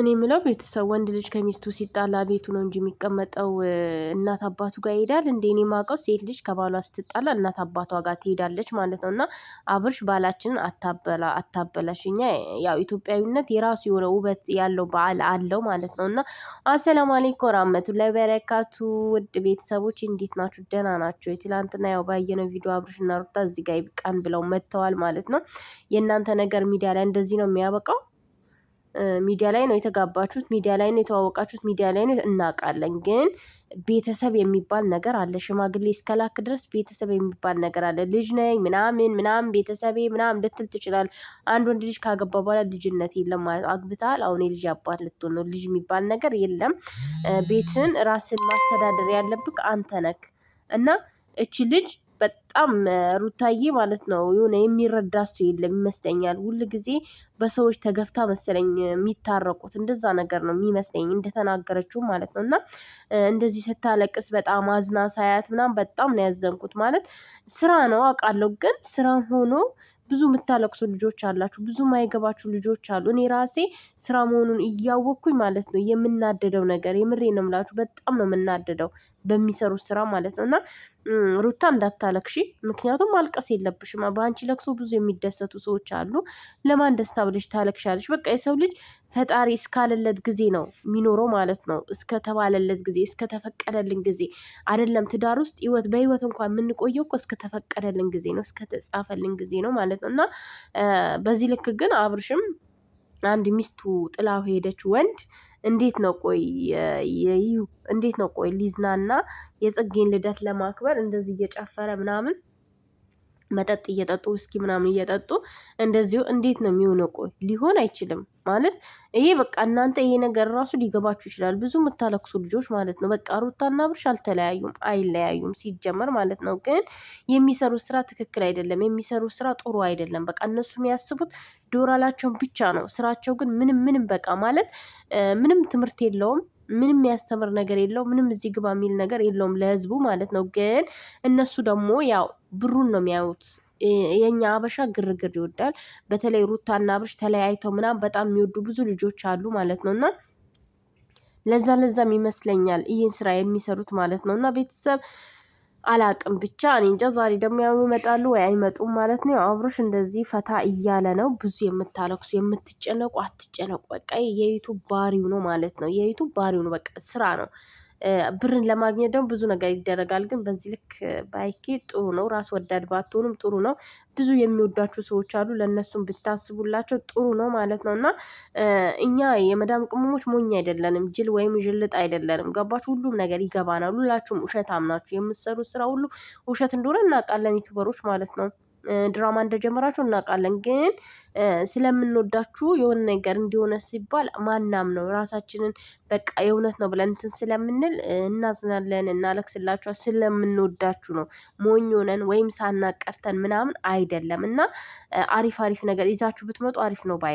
እኔ የምለው ቤተሰብ ወንድ ልጅ ከሚስቱ ሲጣላ ቤቱ ነው እንጂ የሚቀመጠው እናት አባቱ ጋር ይሄዳል። እንደ እኔ ማውቀው ሴት ልጅ ከባሏ ስትጣላ እናት አባቷ ጋር ትሄዳለች ማለት ነው። እና አብርሽ ባላችንን አታበላ አታበላሽ። እኛ ያው ኢትዮጵያዊነት የራሱ የሆነ ውበት ያለው በዓል አለው ማለት ነው። እና አሰላሙ አሌይኩም ወራህመቱላሂ ለበረካቱ ውድ ቤተሰቦች እንዴት ናችሁ? ደህና ናቸው። የትላንትና ያው ባየነው ቪዲዮ አብርሽ እና ሩታ እዚህ ጋር ይብቃን ብለው መጥተዋል ማለት ነው። የእናንተ ነገር ሚዲያ ላይ እንደዚህ ነው የሚያበቃው። ሚዲያ ላይ ነው የተጋባችሁት፣ ሚዲያ ላይ ነው የተዋወቃችሁት፣ ሚዲያ ላይ ነው እናውቃለን። ግን ቤተሰብ የሚባል ነገር አለ። ሽማግሌ እስከላክ ድረስ ቤተሰብ የሚባል ነገር አለ። ልጅ ነኝ ምናምን ምናምን ቤተሰቤ ምናምን ልትል ትችላል። አንድ ወንድ ልጅ ካገባ በኋላ ልጅነት የለም ማለት አግብታል አሁን የልጅ አባት ልትሆን ነው። ልጅ የሚባል ነገር የለም። ቤትን ራስን ማስተዳደር ያለብህ አንተ ነክ እና እቺ ልጅ በጣም ሩታዬ ማለት ነው የሆነ የሚረዳ ሰው የለም ይመስለኛል። ሁል ጊዜ በሰዎች ተገፍታ መሰለኝ የሚታረቁት እንደዛ ነገር ነው የሚመስለኝ እንደተናገረችው ማለት ነው። እና እንደዚህ ስታለቅስ በጣም አዝና ሳያት ምናምን በጣም ነው ያዘንኩት። ማለት ስራ ነው አውቃለሁ፣ ግን ስራ ሆኖ ብዙ የምታለቅሱ ልጆች አላችሁ፣ ብዙ ማይገባችሁ ልጆች አሉ። እኔ ራሴ ስራ መሆኑን እያወቅኩኝ ማለት ነው የምናደደው ነገር የምሬ ነው የምላችሁ። በጣም ነው የምናደደው በሚሰሩት ስራ ማለት ነው እና ሩታ እንዳታለቅሺ፣ ምክንያቱም ማልቀስ የለብሽም። በአንቺ ለቅሶ ብዙ የሚደሰቱ ሰዎች አሉ። ለማን ደስታ ብለሽ ታለቅሻለሽ? በቃ የሰው ልጅ ፈጣሪ እስካለለት ጊዜ ነው የሚኖረው ማለት ነው። እስከተባለለት ጊዜ፣ እስከተፈቀደልን ጊዜ አይደለም ትዳር ውስጥ ህይወት በህይወት እንኳን የምንቆየው እኮ እስከተፈቀደልን ጊዜ ነው፣ እስከተጻፈልን ጊዜ ነው ማለት ነው እና በዚህ ልክ ግን አብርሽም አንድ ሚስቱ ጥላው ሄደች ወንድ እንዴት ነው ቆይ እንዴት ነው ቆይ ሊዝናና የጽጌን ልደት ለማክበር እንደዚህ እየጨፈረ ምናምን መጠጥ እየጠጡ ውስኪ ምናምን እየጠጡ እንደዚሁ እንዴት ነው የሚሆነው? ቆይ ሊሆን አይችልም ማለት ይሄ በቃ እናንተ ይሄ ነገር ራሱ ሊገባችሁ ይችላል። ብዙ የምታለክሱ ልጆች ማለት ነው። በቃ ሩታና ብርሽ አልተለያዩም፣ አይለያዩም ሲጀመር ማለት ነው። ግን የሚሰሩት ስራ ትክክል አይደለም፣ የሚሰሩት ስራ ጥሩ አይደለም። በቃ እነሱ የሚያስቡት ዶራላቸውን ብቻ ነው። ስራቸው ግን ምንም ምንም በቃ ማለት ምንም ትምህርት የለውም። ምንም ያስተምር ነገር የለው። ምንም እዚህ ግባ የሚል ነገር የለውም ለህዝቡ ማለት ነው። ግን እነሱ ደግሞ ያው ብሩን ነው የሚያዩት። የኛ አበሻ ግርግር ይወዳል። በተለይ ሩታና አብርሽ ተለያይተው ምናምን በጣም የሚወዱ ብዙ ልጆች አሉ ማለት ነው እና ለዛ ለዛም ይመስለኛል ይህን ስራ የሚሰሩት ማለት ነው እና ቤተሰብ አላቅም ብቻ እኔ እንጃ። ዛሬ ደግሞ ያው ይመጣሉ ወይ አይመጡም ማለት ነው። አብሮሽ እንደዚህ ፈታ እያለ ነው። ብዙ የምታለቅሱ የምትጨነቁ አትጨነቁ። በቃ የዩቱብ ባሪው ነው ማለት ነው። የዩቱብ ባሪው ነው። በቃ ስራ ነው። ብርን ለማግኘት ደግሞ ብዙ ነገር ይደረጋል። ግን በዚህ ልክ ባይኪ ጥሩ ነው። ራስ ወዳድ ባትሆኑም ጥሩ ነው። ብዙ የሚወዷቸው ሰዎች አሉ። ለእነሱም ብታስቡላቸው ጥሩ ነው ማለት ነው እና እኛ የመዳም ቅመሞች ሞኝ አይደለንም፣ ጅል ወይም ዥልጥ አይደለንም። ገባችሁ? ሁሉም ነገር ይገባናል። ሁላችሁም ውሸት አምናችሁ የምትሰሩት ስራ ሁሉ ውሸት እንደሆነ እናውቃለን፣ ዩቱበሮች ማለት ነው። ድራማ እንደጀመራችሁ እናውቃለን። ግን ስለምንወዳችሁ የሆነ ነገር እንዲሆነ ሲባል ማናም ነው ራሳችንን በቃ የእውነት ነው ብለን እንትን ስለምንል እናዝናለን፣ እናለቅስላችኋል። ስለምንወዳችሁ ነው። ሞኝ ሆነን ወይም ሳናቀርተን ምናምን አይደለም እና አሪፍ አሪፍ ነገር ይዛችሁ ብትመጡ አሪፍ ነው ባይ